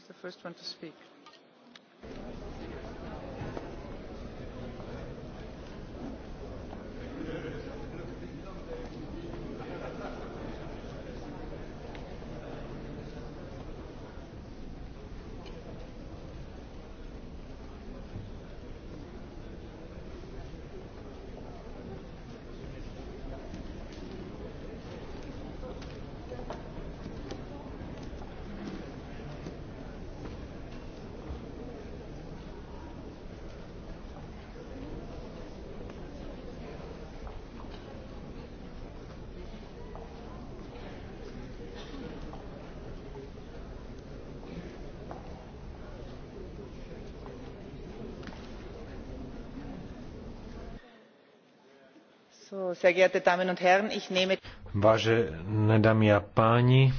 is the first one to speak. Vážené dámy a páni,